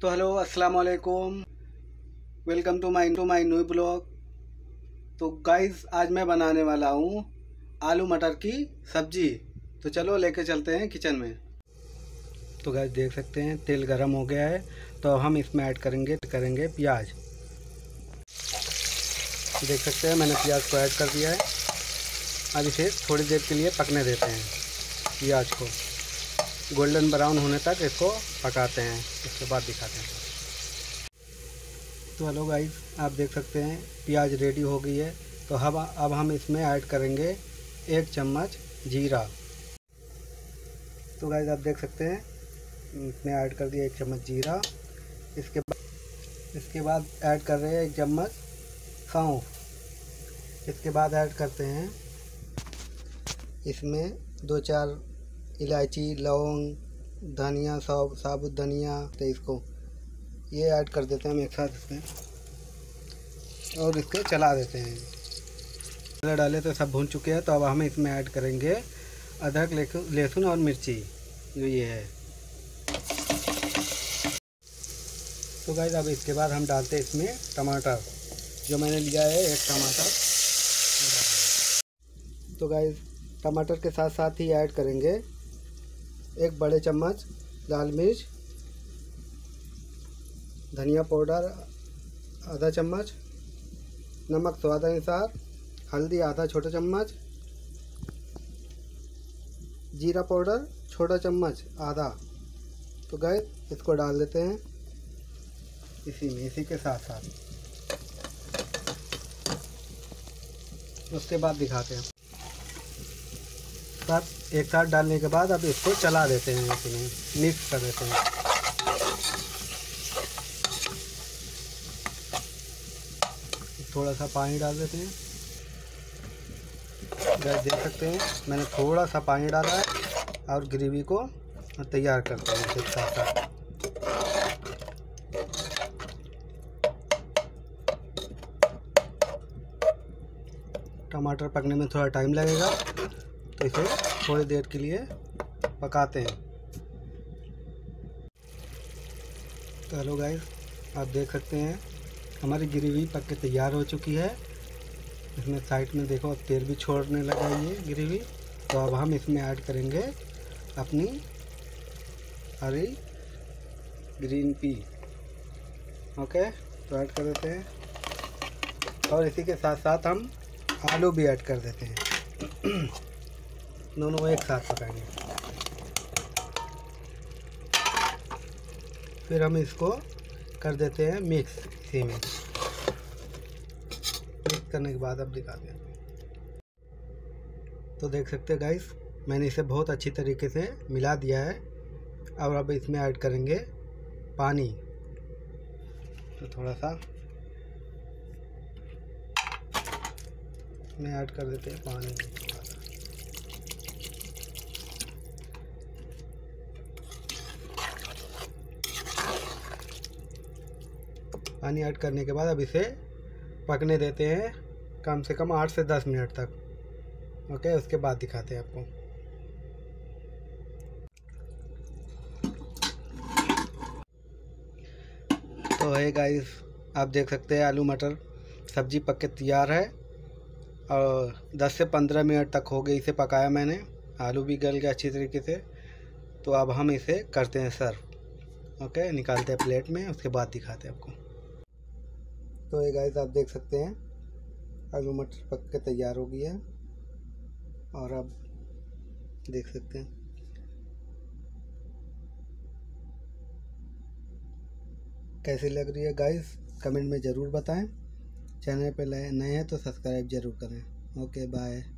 तो हेलो अस्सलाम वालेकुम welcome to my to my new blog तो गाइस आज मैं बनाने वाला हूँ आलू मटर की सब्जी तो चलो लेके चलते हैं किचन में तो गाइस देख सकते हैं तेल गरम हो गया है तो हम इसमें ऐड करेंगे करेंगे प्याज देख सकते हैं मैंने प्याज को ऐड कर दिया है अब इसे थोड़ी देर के लिए पकने देते हैं प्याज को गोल्डन ब्राउन होने तक इसको पकाते हैं उसके बाद दिखाते हैं तो हेलो गाइस आप देख सकते हैं प्याज रेडी हो गई है तो हम अब हम इसमें ऐड करेंगे एक चम्मच जीरा तो गाइस आप देख सकते हैं इसमें ऐड कर दिया एक चम्मच जीरा इसके बाद इसके बाद ऐड कर रहे हैं एक चम्मच सौंफ इसके बाद ऐड करते हैं इसमें दो चार इलायची लौंग धनिया सब साबुत धनिया तो इसको ये ऐड कर देते हैं हम एक साथ इसमें और इसको चला देते हैं मसाले डाले तो सब भून चुके हैं तो अब हम इसमें ऐड करेंगे अदरक लहसुन और मिर्ची जो ये है तो गाइज अब इसके बाद हम डालते हैं इसमें टमाटर जो मैंने लिया है एक टमाटर तो गाइज टमाटर के साथ साथ ही ऐड करेंगे एक बड़े चम्मच लाल मिर्च धनिया पाउडर आधा चम्मच नमक स्वाद अनुसार हल्दी आधा छोटा चम्मच जीरा पाउडर छोटा चम्मच आधा तो गए इसको डाल देते हैं इसी में इसी के साथ साथ उसके बाद दिखाते हैं साथ एक साथ डालने के बाद अब इसको चला देते हैं इसमें मिक्स कर देते हैं थोड़ा सा पानी डाल देते हैं गैस देख सकते हैं मैंने थोड़ा सा पानी डाला है और ग्रेवी को तैयार करते हैं एक साथ साथ टमाटर पकने में थोड़ा टाइम लगेगा तो इसे थोड़ी देर के लिए पकाते हैं तो हेलो गाइस आप देख सकते हैं हमारी ग्रेवी पक के तैयार हो चुकी है इसमें साइड में देखो अब तेल भी छोड़ने लगा ये ग्रेवी तो अब हम इसमें ऐड करेंगे अपनी हरी ग्रीन पी ओके तो ऐड कर देते हैं और इसी के साथ साथ हम आलू भी ऐड कर देते हैं दोनों को एक साथ पकाएंगे फिर हम इसको कर देते हैं मिक्स इसी में मिक्स करने के बाद अब दिखा दें तो देख सकते हैं गाइस मैंने इसे बहुत अच्छी तरीके से मिला दिया है अब अब इसमें ऐड करेंगे पानी तो थोड़ा सा मैं ऐड कर देते हैं पानी पानी ऐड करने के बाद अब इसे पकने देते हैं कम से कम आठ से दस मिनट तक ओके उसके बाद दिखाते हैं आपको तो है गाइस आप देख सकते हैं आलू मटर सब्जी पक के तैयार है और 10 से 15 मिनट तक हो गई इसे पकाया मैंने आलू भी गल गया अच्छी तरीके से तो अब हम इसे करते हैं सर्व ओके निकालते हैं प्लेट में उसके बाद दिखाते हैं आपको तो ये गाइस आप देख सकते हैं आलू मटर पक के तैयार हो गई है और आप देख सकते हैं कैसी लग रही है गाइस कमेंट में ज़रूर बताएं चैनल पे नए हैं तो सब्सक्राइब ज़रूर करें ओके बाय